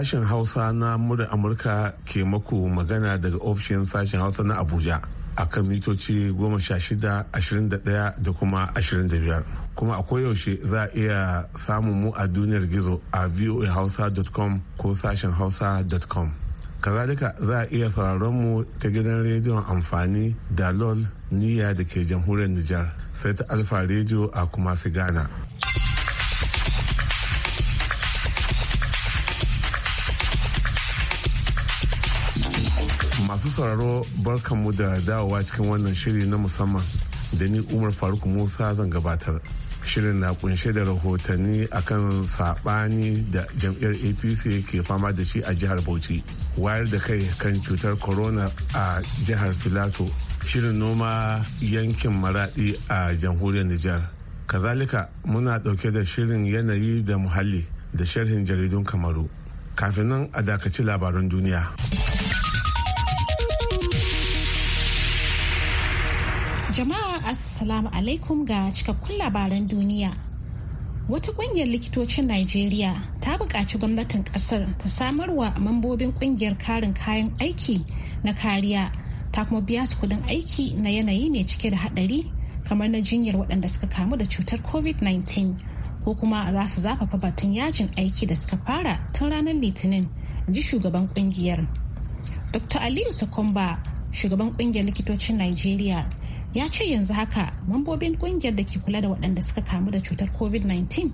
Sashen Hausa na mura Amurka ke maku magana daga ofishin sashen Hausa na Abuja a kan mitoci 16, 21 da kuma 25. Kuma a koyaushe za a iya samun mu a duniyar gizo a voahausa.com ko sashen hausa.com. kazalika za a iya sauraron mu ta gidan rediyon amfani da lol niyya da ke jamhuriyar Nijar sai ta alfa rediyo a kuma su Ghana. masu sauraro barkanmu da dawowa cikin wannan shiri na musamman da ni umar faruk musa zan gabatar shirin na kunshe da rahotanni akan sabani da jam'iyyar apc ke fama da shi a jihar bauchi wayar da kai kan cutar corona a jihar filato shirin noma yankin maradi a jamhuriyar nijar kazalika muna dauke da shirin yanayi da muhalli da sharhin jaridun kamaru kafin nan a dakaci labaran duniya. Jama'a Assalamu alaikum ga cikakkun labaran duniya. Wata kungiyar likitocin Najeriya ta buƙaci gwamnatin ƙasar ta samarwa mambobin kungiyar karin kayan aiki na kariya ta kuma biya su kuɗin aiki na yanayi mai cike da haɗari kamar na jinyar waɗanda suka kamu da cutar COVID-19 ko kuma za su zafafa batun yajin aiki da suka fara tun ranar Litinin, ji shugaban kungiyar Dr. Aliyu Sakomba, shugaban kungiyar likitocin Najeriya, ya ce yanzu haka mambobin kungiyar da ke kula da waɗanda suka kamu da cutar covid-19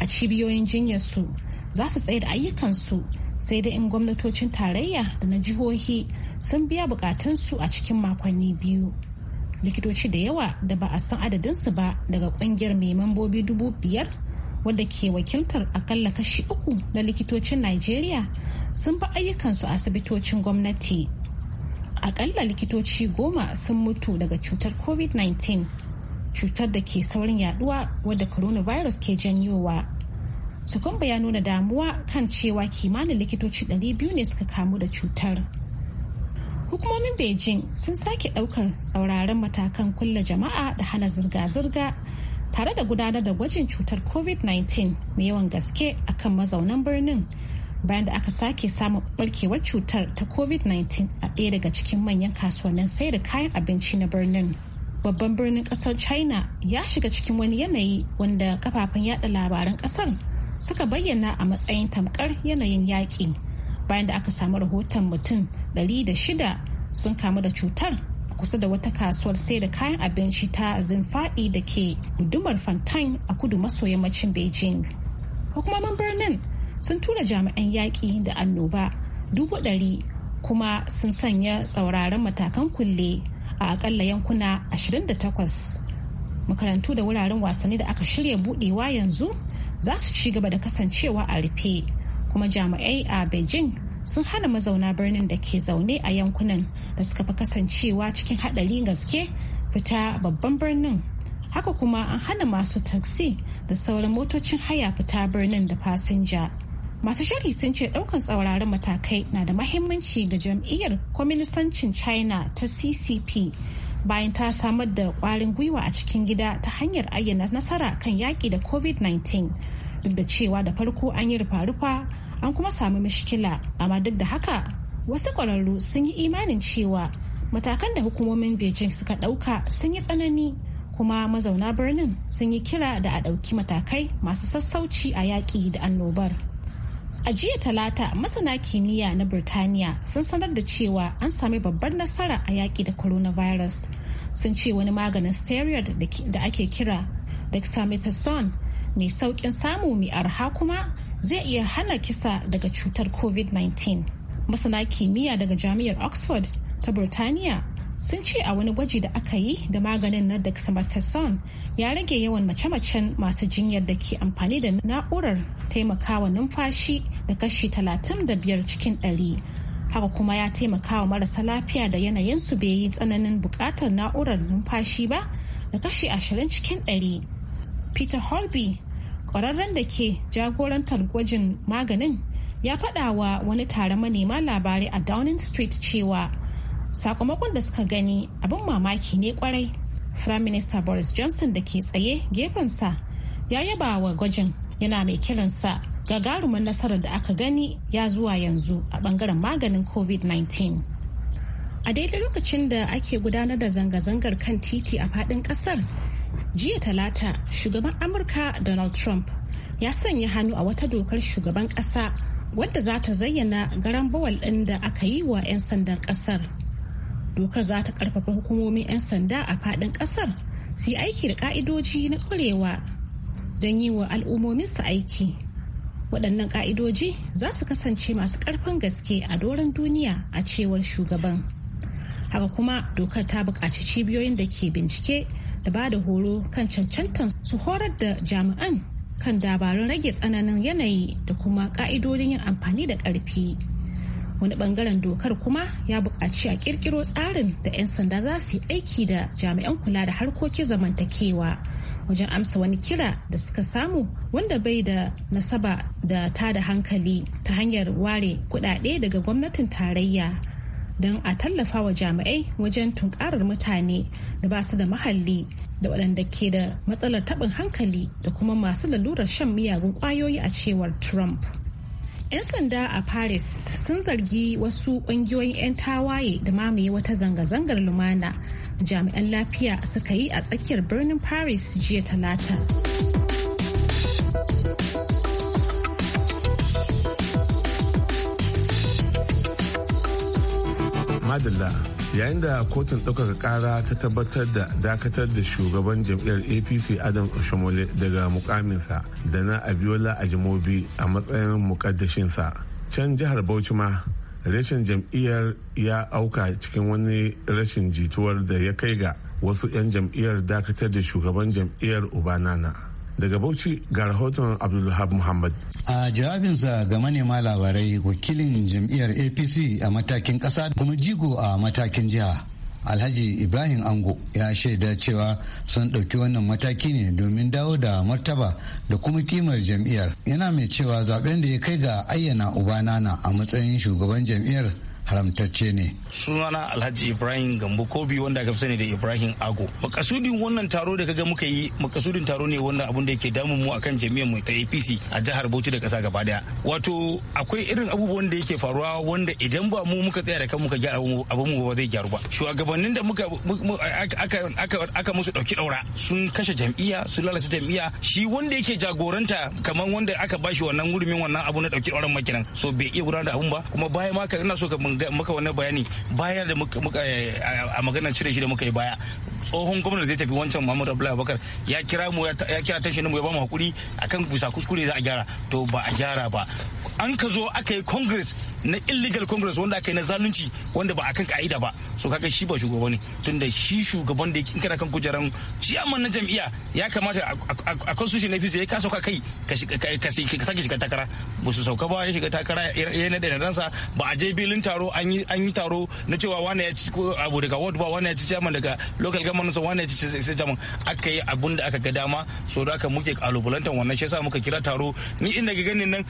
a cibiyoyin jinyarsu za su tsaye da ayyukansu sai dai in gwamnatocin tarayya da na jihohi sun biya bukatunsu a cikin makonni biyu likitoci da yawa da ba a san adadinsu ba daga kungiyar mai mambobi dubu biyar wadda ke wakiltar akalla kashi uku na likitocin najeriya sun ba ayyukansu asibitocin gwamnati akalla likitoci goma sun mutu daga cutar covid-19 cutar da ke saurin yaduwa wadda coronavirus ke janyowa sukumba ya nuna damuwa kan cewa kimanin likitoci 200 ne suka kamu da cutar hukumomin beijing sun sake daukar tsauraran matakan kulle jama'a da hana zirga-zirga tare da gudanar da gwajin cutar covid-19 mai yawan gaske akan mazaunan birnin bayan da aka sake samun barkewar cutar ta covid-19 a ɗaya daga cikin manyan kasuwannin sai da kayan abinci na birnin babban birnin ƙasar china ya shiga cikin wani yanayi wanda kafafen yada labaran ƙasar suka bayyana a matsayin tamkar yanayin yaƙi bayan da aka samu rahoton mutum 106 sun kamu da cutar kusa da wata kasuwar sai da kayan abinci ta zinfaɗi da ke gudumar fantan a kudu maso yammacin beijing hukumomin birnin sun tura jami'an yaƙi da annoba dubu ɗari kuma sun sanya tsauraran matakan kulle a aƙalla yankuna 28 makarantu da wuraren wasanni da aka shirya buɗewa yanzu za su ci gaba da kasancewa a rufe kuma jami'ai a beijing sun hana mazauna birnin da ke zaune a yankunan da suka fi kasancewa cikin haɗari gaske fita babban birnin haka kuma an hana masu taksi da sauran motocin haya fita birnin da fasinja. masu shari sun ce daukan tsauraran matakai na da mahimmanci ga jam'iyyar kwaministancin china ta ccp bayan ta samar da kwarin gwiwa a cikin gida ta hanyar ayyana nasara kan yaƙi da covid-19 duk da cewa da farko an yi rufa-rufa an kuma sami mishkila amma duk da haka wasu ƙwararru sun yi imanin cewa matakan da hukumomin beijing suka ɗauka sun yi tsanani kuma mazauna birnin sun yi kira da a ɗauki matakai masu sassauci a yaƙi da annobar. A jiya talata masana kimiyya na Birtaniya sun sanar da cewa an sami babbar nasara a yaƙi da coronavirus. Sun ce wani maganin steroid da ake kira dexamethasone mai sauƙin samu mai arha kuma zai iya hana kisa daga cutar COVID-19. Masana kimiyya daga jami'ar Oxford ta Burtaniya. sun ce a wani gwaji da aka yi da maganin na dexamethasone ya rage yawan mace-macen masu jinyar da ke amfani da na'urar taimakawa numfashi da kashi 35 cikin 100 haka kuma ya taimakawa marasa lafiya da yanayinsu bai yi tsananin bukatar na'urar numfashi ba da kashi 20 cikin 100 peter holby ƙwararren da ke jagorantar gwajin maganin ya faɗa wa wani tare manema labarai a downing street cewa sakamakon da suka gani abin mamaki ne kwarai prime minister boris johnson da ke tsaye gefensa ya yaba wa gwajin yana mai kiransa gagarumin nasarar da aka gani ya zuwa yanzu a bangaren maganin covid-19 a daidai lokacin da ake gudanar da zanga-zangar kan titi a fadin kasar jiya talata shugaban amurka donald trump ya sanya hannu a wata dokar shugaban kasa wadda za ta zayyana garan bawal ɗin da aka yi wa 'yan sandar kasar dokar za ta karfafa hukumomin 'yan sanda a fadin kasar su yi aiki da ka'idoji na kwarewa don yi wa al'ummominsu aiki waɗannan ka'idoji za su kasance masu ƙarfin gaske a doron duniya a cewar shugaban haka kuma dokar ta buƙaci cibiyoyin da ke bincike da ba da horo kan cancantan su horar da jami'an kan dabarun rage tsananin yanayi da kuma ka'idodin yin amfani da ƙarfi. wani bangaren dokar kuma ya buƙaci a kirkiro tsarin da 'yan sanda za su yi aiki da jami'an kula da harkokin zamantakewa wajen amsa wani kira da suka samu wanda bai da nasaba da tada hankali ta hanyar ware kudade daga gwamnatin tarayya don a tallafa wa jami'ai wajen tunkarar mutane da ba su da mahalli da waɗanda ke da matsalar taɓin hankali da kuma masu lalurar shan miyagun ƙwayoyi a cewar trump 'Yan sanda a Paris sun zargi wasu ƙungiyoyin 'yan tawaye da mamaye wata zanga-zangar lumana jami'an lafiya suka yi a tsakiyar birnin Paris jiya talata. Madalla yayin da kotun ɗaukaka ƙara ta tabbatar da dakatar da shugaban jam'iyyar apc adam oshomole daga mukaminsa da na abiola ajimobi a matsayin mukaddashinsa can jihar bauchi ma rashin jam'iyyar ya auka cikin wani rashin jituwar da ya kai ga wasu 'yan jam'iyyar dakatar da shugaban jam'iyyar ubanana daga bauchi ga rahoton abdulhab muhammad a jawabinsa ga manema labarai wakilin jam'iyyar apc a matakin ƙasa kuma jigo a matakin jiha alhaji ibrahim ango ya shaida cewa sun ɗauki wannan mataki ne domin dawo da martaba da kuma kimar jam'iyyar yana mai cewa zaben da ya kai ga ayyana ubanana a matsayin shugaban jam'iyyar haramtacce ne. Sunana Alhaji Ibrahim Gambo Kobi wanda aka fi sani da Ibrahim Ago. Makasudin wannan taro da kaga muka yi makasudin taro ne wanda abun da yake damun mu akan jami'an mu ta APC a jihar Bauchi da kasa gaba daya. Wato akwai irin abubuwan da yake faruwa wanda idan ba mu muka tsaya da kan muka gyara abu mu ba zai gyaru ba. Shugabannin da muka aka aka aka musu dauki daura sun kashe jam'iyya sun lalace jam'iyya shi wanda yake jagoranta kamar wanda aka bashi wannan gurumin wannan abu na dauki dauran makinan so bai iya gudanar da abun ba kuma bayan ma ka ina so ka maka wannan bayani baya da muka eh, a magana cire shi da muka yi baya tsohon gwamnan zai tafi wancan Muhammadu Abdullahi abubakar ya kira mu ya kira tashin mu ya ba mu hakuri akan bisa kuskure za a gyara to ba a gyara ba an ka zo aka yi congress na illegal congress wanda aka yi na zalunci wanda ba a kan ka'ida ba so kaga shi ba shugaba ne tunda shi shugaban da kin kana kan kujeran ciyaman na jam'iyya ya kamata a constitution na fisa ya ka sauka kai ka sake shiga takara ba su sauka ba ya shiga takara ya naɗe na ransa ba a je bilin taro an yi taro na cewa wani ya ci abu daga ward ba wani ya ci chairman daga local government wani ya ci sai chairman aka yi abun da aka ga dama so da aka muke alubulantan wannan shi yasa muka kira taro ni inda ga ganin nan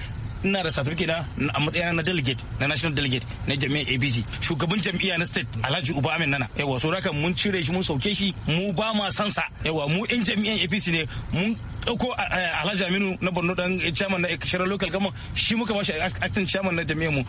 ina da satirki na a matsayin na delegate na national delegate na jami'an abc shugaban jam'iyya na state alhaji uba amin nana yawa so da mun cire shi mun sauke shi mu ba ma sansa yawa mu yan jami'an apc ne mun ɗauko Alhaji Aminu na Borno dan eh, chairman na eh, Shirar Local Gama shi muka bashi acting chairman na jami'ar mu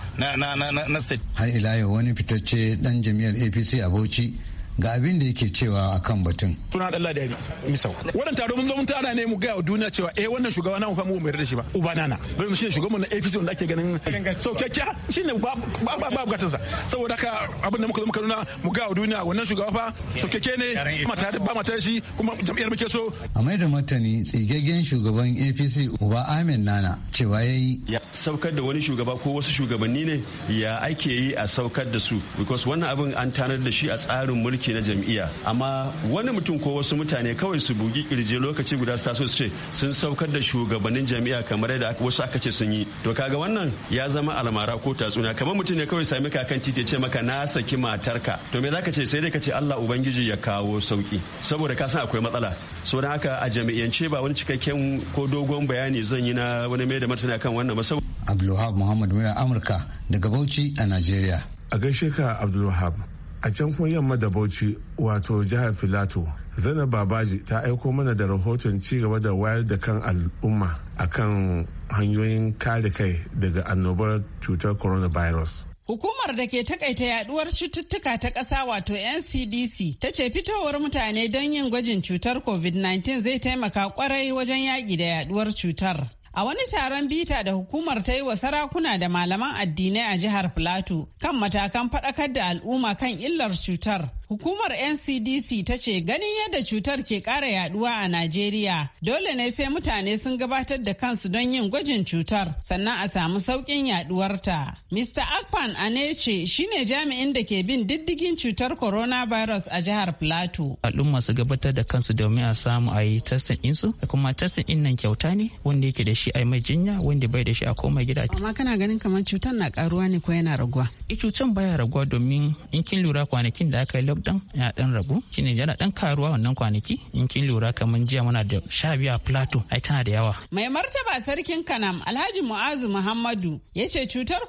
na state. Har ila yau wani fitacce dan jami'ar APC a Bauchi ga abin da yake cewa a kan batun. Suna Dalla Dari Misau. Wannan taro mun zo mun tara ne mu ga wa duniya cewa eh wannan shugaba na mu fa mu mai da shi ba. uba na. Don shi ne shugaban na APC wanda ake ganin saukakkiya shi ne ba ba ba bukatunsa. Saboda haka abin da muka zo muka nuna mu ga wa duniya wannan shugaba fa saukakke ne ba mata shi kuma jam'iyyar muke so. A mai da martani tsigaggen shugaban APC Uba Ahmed Nana cewa yayi. Ya saukar da wani shugaba ko wasu shugabanni ne ya ake yi a saukar da su because wannan abin an tanar da shi a tsarin mulki na jam'iyya amma wani mutum ko wasu mutane kawai su bugi kirje lokaci guda su taso su ce sun saukar da shugabannin jam'iyya kamar yadda wasu aka ce sun yi to kaga wannan ya zama almara ko tatsuna kamar mutum ne kawai sami ka kan titi ce maka na saki matarka to me zaka ce sai dai ka ce Allah ubangiji ya kawo sauki saboda ka san akwai matsala saboda haka a jami'ance ba wani cikakken ko dogon bayani zan yi na wani mai da martani akan wannan ba saboda Abdulwahab Muhammad Mira Amurka daga Bauchi a Najeriya a gaishe ka Abdulwahab a can kuma yamma da bauchi wato jihar filato zana babaji ta aiko mana da rahoton ci gaba da wayar da kan al'umma a kan hanyoyin kare kai daga annobar cutar coronavirus Hukumar da ke takaita yaduwar cututtuka ta ƙasa wato NCDC ta ce fitowar mutane don yin gwajin cutar COVID-19 zai taimaka kwarai wajen yaƙi da yaduwar cutar. A wani taron bita da hukumar ta yi wa sarakuna da malaman addinai a jihar Filato kan matakan faɗakar da al'umma kan illar cutar. Hukumar NCDC ta ce ganin yadda cutar ke ƙara yaduwa a Najeriya dole ne sai mutane sun gabatar da kansu don yin gwajin cutar sannan a samu sauƙin yaduwarta. Mr. Akpan Anece shine jami'in da ke bin diddigin cutar coronavirus a jihar Plateau. Al'umma su gabatar da kansu domin a samu a yi testin insu kuma testin in nan kyauta ne wanda yake da shi a mai jinya wanda bai da shi a komai gida. Amma kana ganin kamar cutar na karuwa ne ko yana raguwa? Eh, cutar baya raguwa domin in kin lura kwanakin da aka yi drop ya dan ragu shine yana dan karuwa wannan kwanaki in kin lura kaman jiya muna da sha a plateau ai tana da yawa mai martaba sarkin kanam alhaji mu'azu muhammadu ya ce cutar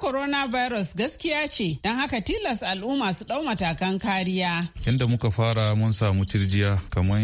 virus gaskiya ce don haka tilas al'umma su dau matakan kariya yadda muka fara mun samu tirjiya kamar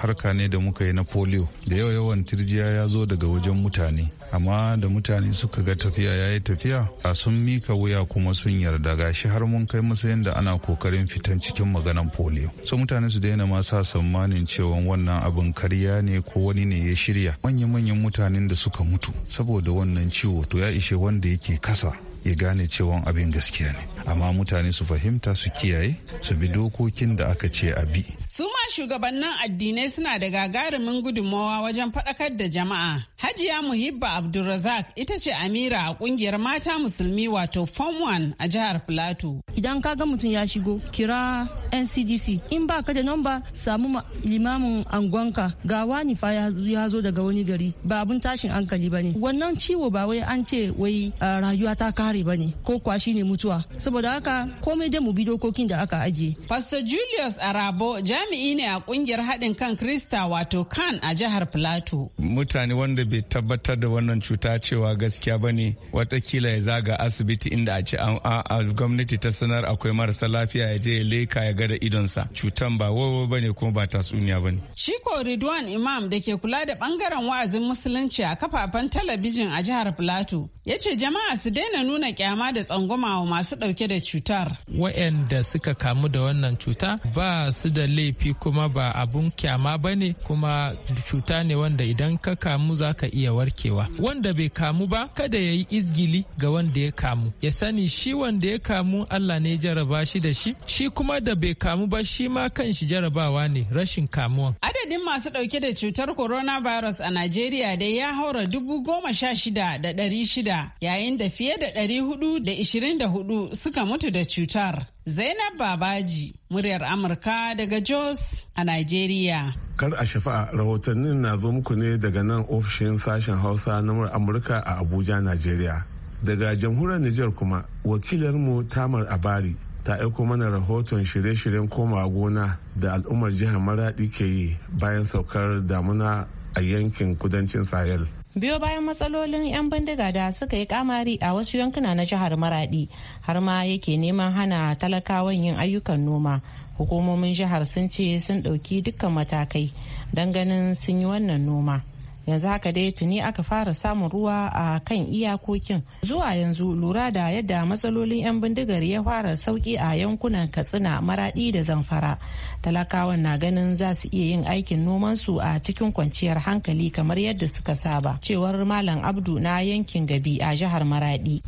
harka ne da muka yi na polio da yawa yawan tirjiya ya zo daga wajen mutane amma da mutane suka ga tafiya ya yi tafiya a sun mika wuya kuma sun yarda gashi har mun kai masa da ana kokarin fitan cikin maganan polio so mutane su daina ma sa tsammanin cewa wannan abin karya ne ko wani ne ya shirya manyan manyan mutanen da suka mutu saboda wannan ciwo to ya ishe wanda yake kasa ya gane cewa abin gaskiya ne amma mutane su fahimta su kiyaye su bi dokokin da aka ce a bi Su ma shugabannin addinai suna da gagarumin gudunmawa wajen faɗakar da jama'a. Hajiya Muhibba Abdulrazak ita ce Amira a kungiyar mata musulmi wato Form 1 a jihar plateau Idan ka ga mutum ya shigo, kira NCDC. In ba ka da namba, samu limamin angonka ga wani fa ya zo daga wani gari. Ba abun tashin hankali ba ne. Wannan ciwo ba wai an ce wai rayuwa ta kare ba ne ko kwashi ne mutuwa. Saboda haka komai da mu bi dokokin da aka ajiye. Pastor Julius Arabo jami'i ne a kungiyar haɗin kan Krista wato kan a jihar plato Mutane wanda bai tabbatar da wannan cuta cewa gaskiya ba ne watakila ya zaga asibiti inda a ce a gwamnati ta sanar akwai marasa lafiya ya je ya leka ya gada idonsa. Cutan ba wawa ba ne kuma ba suniya ba ne. Shi ko Ridwan Imam da ke kula da bangaren wa'azin musulunci a kafafen talabijin a jihar plato ya ce jama'a su daina nuna kyama da tsangwama wa masu dauke da cutar. Wa'yanda suka kamu da wannan cuta ba su da laifi laifi kuma ba abun kyama ba ne kuma cuta ne wanda idan ka kamu za ka iya warkewa wanda bai kamu ba kada ya yi izgili ga wanda ya kamu ya sani shi wanda ya kamu allah ne jaraba shi da shi shi kuma da bai kamu ba shi ma kan shi jarabawa ne rashin kamuwan Adadin masu dauke da cutar coronavirus a Najeriya dai ya haura dubu goma sha shida da ɗari shida yayin da fiye da ɗari hudu da ishirin da hudu suka mutu da cutar. Zainab Babaji, muryar Amurka daga Jos a Najeriya. Kar a shafa'a rahotannin na zo muku ne daga nan ofishin sashen Hausa na muryar Amurka a Abuja, Najeriya. Daga jamhuriyar Nijar kuma wakilarmu Tamar Abari ta aiko mana rahoton shirye-shiryen koma gona da al'ummar jihar maradi ke yi bayan saukar damuna a yankin kudancin sahel biyo bayan matsalolin 'yan bindiga da suka yi kamari a wasu yankuna na jihar maradi har ma yake neman hana talakawan yin ayyukan noma hukumomin jihar sun ce sun ɗauki dukkan matakai don ganin sun yi wannan noma. yanzu haka dai tuni aka fara samun ruwa a kan iyakokin zuwa yanzu lura da yadda matsalolin 'yan bindigar ya fara sauki a yankunan katsina maradi da zamfara talakawan na ganin za su iya yin aikin nomansu a cikin kwanciyar hankali kamar yadda suka saba cewar malam abdu na yankin gabi a jihar maradi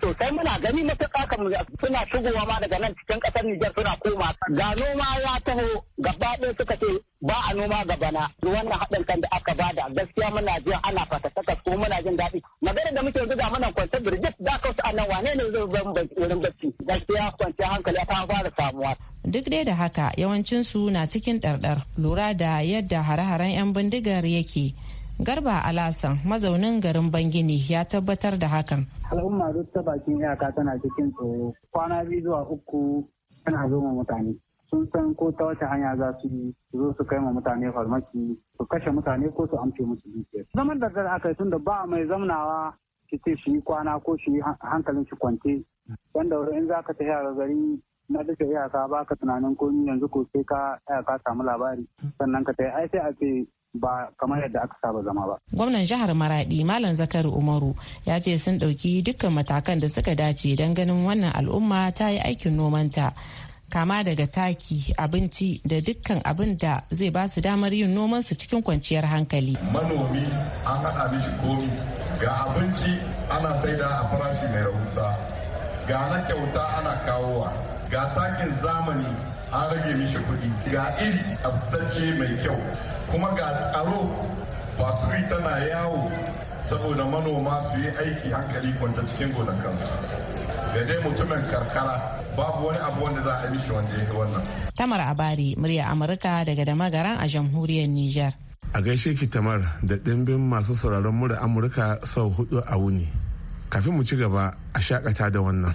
sosai muna gani suna shigowa ma daga nan cikin kasar nijar suna koma ga noma ya taho gaba suka ce ba a noma ga bana wannan haɗin kan da aka bada gaskiya muna ji ana saka ko muna jin daɗi magana da muke zuga mana kwanta birjit da ka a nan wane ne zai ban wurin bacci gaskiya kwanci hankali ta fara samuwa. duk dai da haka yawancin su na cikin ɗarɗar lura da yadda hare-haren 'yan bindigar yake garba alasan mazaunin garin bangini ya tabbatar da hakan al'umma duk ta bakin iyaka tana cikin tsoro kwana biyu zuwa uku tana zo mutane sun san ko ta wace hanya za su yi su zo su kai ma mutane farmaki su kashe mutane ko su amfe musu dukiyar zaman da dare aka yi tun da ba mai zamnawa ki ce shi yi kwana ko shi yi hankalin shi kwance wanda in za ka tafi a gari na duka iyaka ba ka tunanin ko yanzu ko sai ka ka samu labari sannan ka ta ai sai a ce ba kamar yadda aka saba zama ba. Gwamnan jihar maraɗi Malam Zakari Umaru ya ce sun ɗauki dukkan matakan da suka dace don ganin wannan al'umma ta yi aikin nomanta kama daga taki abinci da dukkan abin da zai ba su damar yin nomansu cikin kwanciyar hankali manomi an haɗa mishi komi ga abinci ana saida a farashi mai rahusa ga na kyauta ana kawowa ga takin zamani an rage mishi kuɗi ga iri tsabtacce mai kyau kuma ga tsaro baturi tana yawo saboda manoma su yi aiki hankali kwanta cikin gonakansu ga dai mutumin karkara babu wani abu wanda za a yi mishi wanda ya wannan. Tamar Abari, murya Amurka daga dama garan a jamhuriyar Nijar. A gaishe ki Tamar da ɗimbin masu sauraron murya Amurka sau hudu a wuni. Kafin mu ci gaba a shakata da wannan.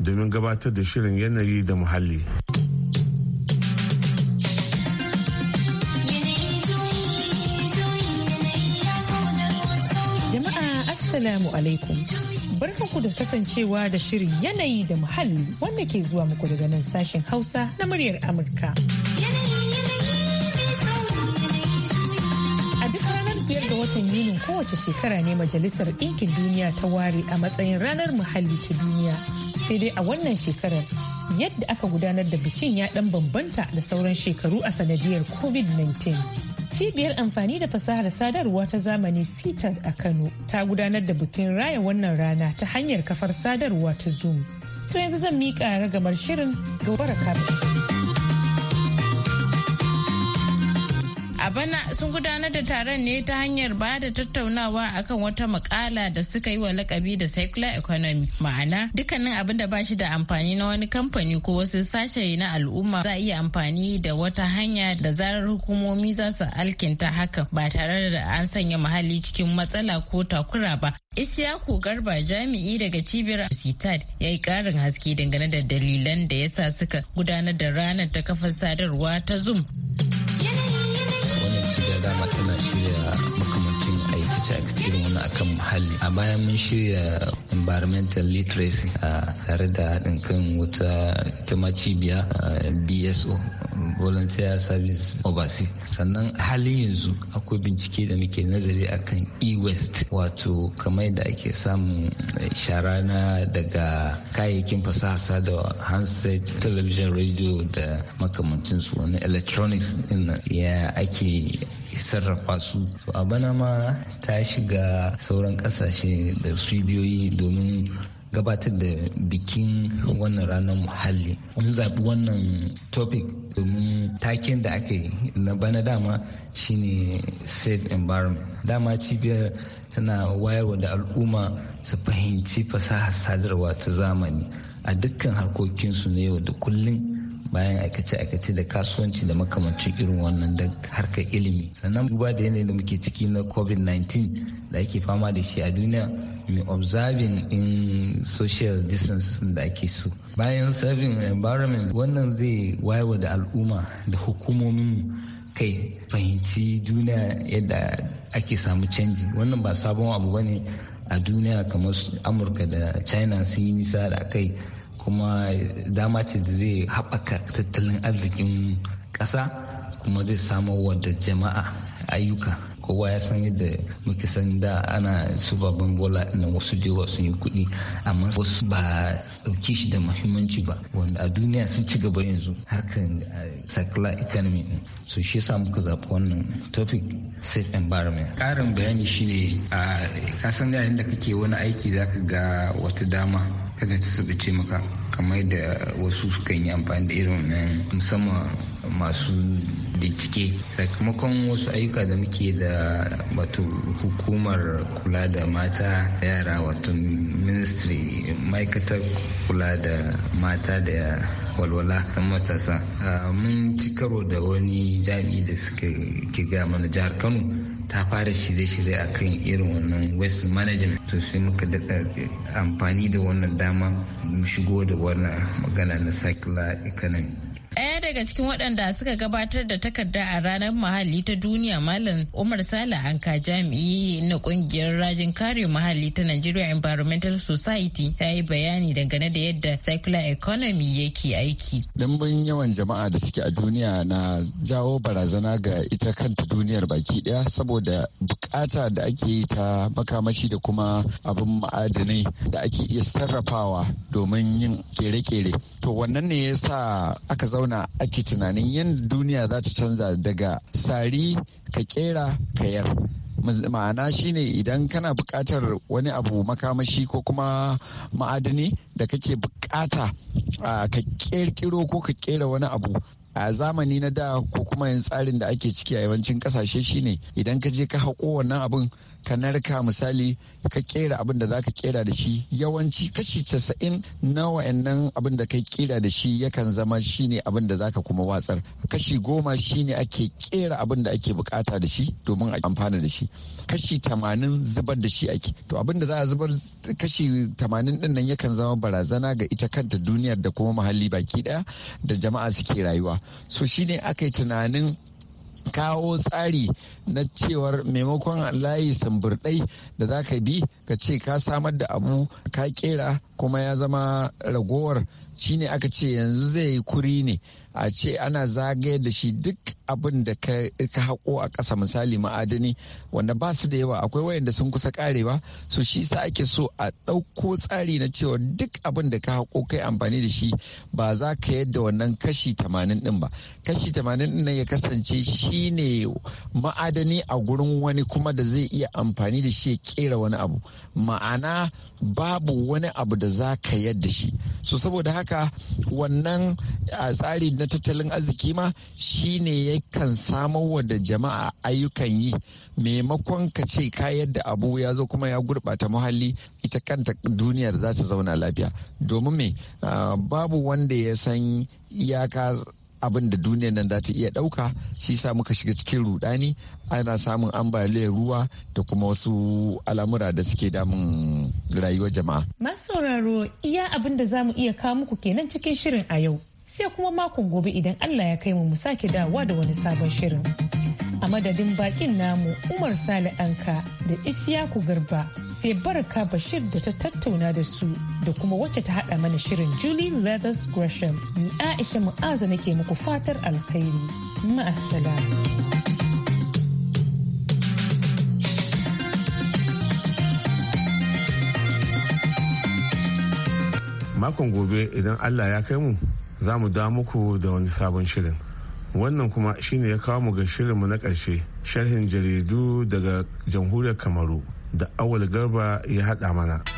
domin gabatar da shirin yanayi da muhalli. Jama'a Assalamu alaikum. Barkanku da kasancewa da shirin yanayi da muhalli wanda ke zuwa muku daga nan sashen Hausa na muryar Amurka. biyar ga watan Yunin kowace shekara ne Majalisar Ɗinkin Duniya ta ware a matsayin ranar muhalli ta duniya. Sai dai a wannan shekarar yadda aka gudanar da bikin ya dan bambanta da sauran shekaru a sanadiyar COVID-19. Cibiyar amfani da fasahar sadarwa ta zamani sitar a Kano ta gudanar da bikin raya wannan rana ta hanyar kafar sadarwa ta Zoom. To yanzu zan miƙa ragamar shirin ga waraka. bana sun gudanar da taron ne ta hanyar ba da tattaunawa akan wata makala da suka yi wa lakabi da circular economy ma'ana dukkanin abin da ba shi da amfani na wani kamfani ko wasu sashe na al'umma za a iya amfani da wata hanya da zarar hukumomi za su alkinta haka ba tare da an sanya muhalli cikin matsala ko takura ba Isiyaku Garba jami'i daga cibiyar Sitad ya yi karin haske dangane da dalilan da ya sa suka gudanar da ranar ta kafar sadarwa ta Zoom. dama tana shirya makamancin aikace-aikace irin wani akan muhalli a bayan mun shirya environmental literacy a tare da haɗin kan wata ita cibiya bso volunteer service overseas sannan halin yanzu akwai bincike da muke nazari akan e-west wato kamar da ake samun eh, shara na daga kayayyakin fasaha sada handset television radio da makamancin su wani electronics din ya ake sarrafa su a bana ma ta shiga sauran kasashe da su domin gabatar da bikin wannan ranar muhalli mun zaɓi wannan topic domin taken da aka yi na bana dama shine safe environment dama cibiyar tana wayarwa da al'umma su fahimci fasahar sadarwa ta zamani a dukkan harkokinsu na yau da kullum bayan aikace-aikace da kasuwanci da makamancin irin wannan da harkar ilimi sannan duba da yanayin da muke ciki na covid-19 da ake fama da shi a duniya mai observing in social distancing da ake so bayan serving environment wannan zai wayewa da al'umma da hukumomin kai fahimci duniya yadda ake samu canji wannan ba sabon abu bane a duniya kamar amurka da china sun yi nisa da kai kuma dama ce da zai haɓaka tattalin arzikin ƙasa kuma zai samar da jama'a ayyuka kowa ya san yadda muke san da ana su babban bola na wasu jewa sun yi kuɗi amma wasu ba ɗauki shi da muhimmanci ba wanda a duniya sun ci gaba yanzu harkan eh, circular economy so shi yasa muka zaɓi wannan topic safe environment ƙarin bayani shine a ah, kasan yayin da kake wani aiki zaka ga wata dama kada ta subuce maka kamar da wasu suka yi amfani da irin nan musamman masu bincike sakamakon wasu ayyuka da muke da wato hukumar kula da mata da yara wato ministry ma'aikatar kula da mata da walwala ta matasa ah, mun ci karo da wani jami'i da suka ke mana jihar kano ta fara shirye-shirye a kan irin wannan waste management to sai muka daɗa amfani da wannan dama mu shigo da wannan magana na circular economy Ɗaya daga cikin waɗanda suka gabatar da takarda a ranar muhalli ta duniya Malam Umar Sale Anka jami'i na ƙungiyar rajin kare muhalli ta Nigeria Environmental Society ta yi bayani dangane da yadda circular economy yake aiki. Ɗumbin yawan jama'a da suke a duniya na jawo barazana ga ita kanta duniyar baki ɗaya saboda bukata da ake yi ta makamashi da kuma abin ma'adanai da ake iya sarrafawa domin yin kere-kere. To wannan ne ya sa aka zauna ake tunanin yadda duniya za ta canza daga sari ka kera ka yar ma'ana shine idan kana bukatar wani abu makamashi ko kuma ma'adani da kake bukata ka ƙirƙiro ko ka kera wani abu a zamani na da ko kuma yin tsarin da ake ciki a yawancin kasashe shine idan ka je ka haƙo wannan abin ka narka misali ka kera abin da zaka kera da shi yawanci kashi casa'in na wa'annan abin da kai kera da shi yakan zama shine abin da zaka kuma watsar kashi goma shine ake kera abin da ake bukata da shi domin a amfana da shi kashi tamanin zubar da shi ake to abin da za a zubar kashi tamanin din nan yakan zama barazana ga ita kanta duniyar da kuma muhalli baki daya da jama'a suke rayuwa su shi ne aka yi tunanin kawo tsari na cewar maimakon layi samburdai da za ka bi ka ce ka samar da abu ka kera kuma ya zama ragowar shine aka ce yanzu zai yi kuri ne a ce ana zagaye da shi duk abin da ka haƙo a ƙasa misali ma'adani wanda ba su da yawa akwai wayanda sun kusa karewa su shi sa ake so a ɗauko tsari na cewa duk abin da ka haƙo kai amfani da shi ba za ka yadda wannan kashi tamanin din ba kashi tamanin din nan ya kasance shi ne ma'adani a gurin wani kuma da zai iya amfani da shi ya kera wani abu ma'ana babu wani abu da za ka yadda shi so saboda haka wannan a tsari na tattalin arziki ma shi shine yakan samar wa da jama'a ayyukan yi maimakon ka ce kayan da abu ya zo kuma ya gurɓata muhalli ita kanta duniyar za ta zauna lafiya domin me ah, babu wanda ya san iyaka abin da duniyar nan za ta iya ɗauka shi sa muka shiga cikin rudani ana samun ambaliyar ruwa da kuma wasu al'amura da suke damun rayuwar jama'a. masu sauraro iya abin da za mu iya kawo muku kenan cikin shirin a yau sai kuma makon gobe idan Allah ya kai mu mu sake dawowa da wani sabon shirin. A madadin bakin namu Umar Sale Anka da Isiyaku Garba sai Baraka Bashir da ta tattauna da su da kuma wacce ta haɗa mana shirin Julie Leathers Gresham. Ni Aisha Mu'aza nake muku fatar alkhairi. ma'asala. makon gobe idan Allah ya kai mu za mu da muku da wani sabon shirin wannan kuma shine ya kawo mu ga shirinmu na ƙarshe sharhin jaridu daga jamhuriyar kamaru da awal garba ya haɗa mana.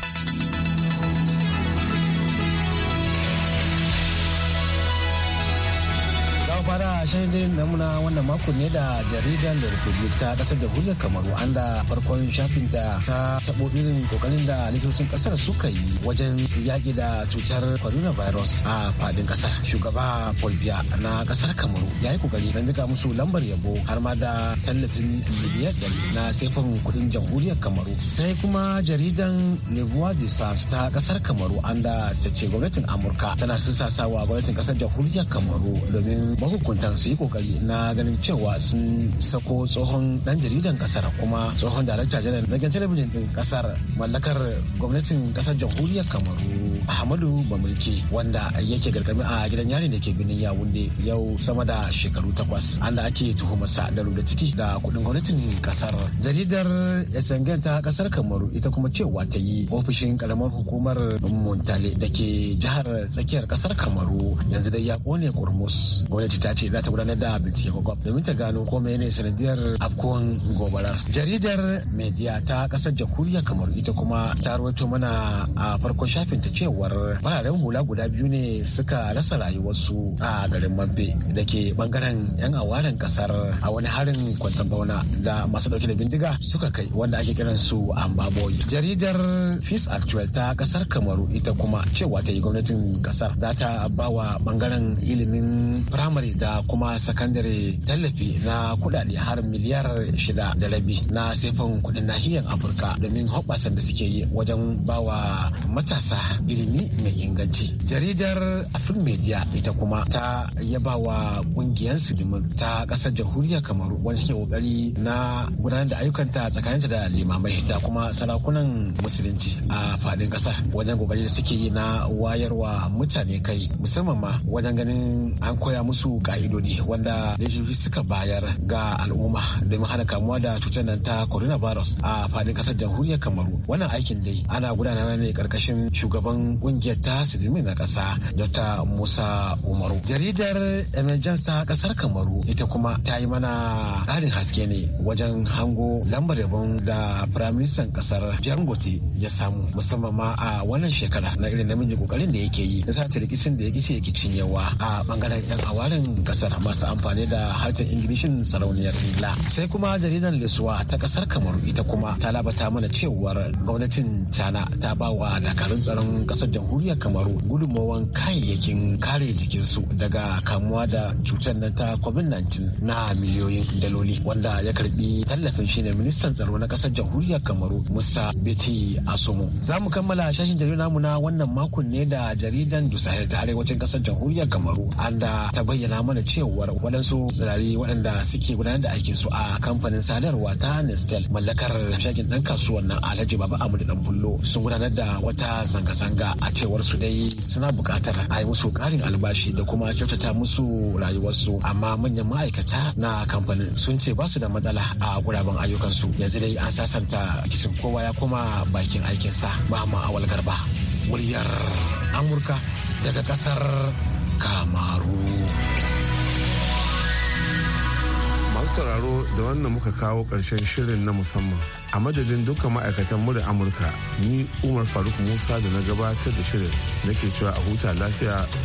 fara shirin da namuna wannan makon ne da jaridar da republic ta kasar da hujjar kamaru an farkon shafin ta ta tabo irin kokarin da likitocin kasar suka yi wajen yaki da cutar coronavirus a fadin kasar shugaba kolbiya na kasar kamaru ya yi kokari don duka musu lambar yabo har ma da tallafin miliyar dari na sefan kudin jamhuriyar kamaru sai kuma jaridan nevoa du ta kasar kamaru an da ta ce gwamnatin amurka tana sassawa gwamnatin kasar jamhuriyar kamaru domin mahukuntan su yi kokari na ganin cewa sun sako tsohon dan jaridan kasar kuma tsohon darakta janar na talabijin din kasar mallakar gwamnatin kasar jamhuriyar kamaru ahmadu bamulke wanda yake gargami a gidan yari da ke birnin yawunde yau sama da shekaru takwas an da ake tuhumarsa da rubda ciki da kudin gwamnatin kasar jaridar esengen ta kasar kamaru ita kuma cewa ta yi ofishin karamar hukumar montale da ke jihar tsakiyar kasar kamaru yanzu dai ya kone kurmus gwamnati ta ce za ta gudanar da bincike kwakwaf domin ta gano ko ne sanadiyar afkuwan gobarar jaridar media ta kasar jakuriya kamaru ita kuma ta rawaito mana a farko shafin ta cewar fararen hula guda biyu ne suka rasa rayuwarsu a garin mambe da ke bangaren yan awaren kasar a wani harin kwantan bauna da masu dauke da bindiga suka kai wanda ake kiran su ambaboy jaridar peace actual ta kasar kamaru ita kuma cewa ta yi gwamnatin kasar za ta ba bangaren ilimin firamare da kuma sakandare tallafi na kudade har miliyar shida da rabi na sefan kudin nahiyar afirka domin hoɓasan da suke yi wajen bawa matasa ilimi mai inganci jaridar afrin media ita kuma ta yaba wa kungiyar sudimin ta ƙasar jamhuriyar kamaru wani suke ƙoƙari na gudanar da ayyukanta tsakaninta da limamai da kuma sarakunan musulunci a faɗin ƙasa wajen kokari da suke yi na wayarwa mutane kai musamman ma wajen ganin an koya musu ka'idodi wanda laifofi suka bayar ga al'umma domin hana kamuwa da cutar nan ta coronavirus a fadin kasar jamhuriyar kamaru wannan aikin dai ana gudanar ne karkashin shugaban kungiyar ta sidimi na kasa dr musa umaru jaridar emergence ta kasar kamaru ita kuma ta yi mana ƙarin haske ne wajen hango lambar yabon da firaministan kasar jangote ya samu musamman ma a wannan shekara na irin namiji kokarin da yake yi na sa rikicin da ya gice rikicin cinyewa a bangaren yan awarin kasar masu amfani da harshen ingilishin sarauniyar ingila sai kuma jaridar lesuwa ta kasar kamaru ita kuma ta labata mana cewar gwamnatin tana ta ba wa dakarun tsaron kasar jamhuriyar kamaru gudunmawan kayayyakin kare jikinsu daga kamuwa da cutar nan ta covid-19 na miliyoyin daloli wanda ya karbi tallafin shine ministan tsaro na kasar jamhuriyar kamaru musa beti asomo za mu kammala shashin jaridar mu na wannan makon ne da jaridan dusahel ta arewacin kasar jamhuriyar kamaru an da ta bayyana mana cewar waɗansu tsirari waɗanda suke gudanar da aikin su a kamfanin sadarwa ta Nestel mallakar shagin ɗan kasuwar nan Alhaji Baba Amadu Dan Bullo sun gudanar da wata zanga-zanga a cewar su dai suna buƙatar a yi musu ƙarin albashi da kuma kyautata musu rayuwarsu amma manyan ma'aikata na kamfanin sun ce ba su da matsala a guraben ayyukansu yanzu dai an sasanta kishin kowa ya koma bakin aikinsa Mahama Awal Garba muryar Amurka daga kasar Kamaru. sauraro da wannan muka kawo ƙarshen shirin na musamman. A madadin duka ma'aikatan murin Amurka, ni Umar Faruk Musa da na gabatar da shirin nake cewa a huta lafiya.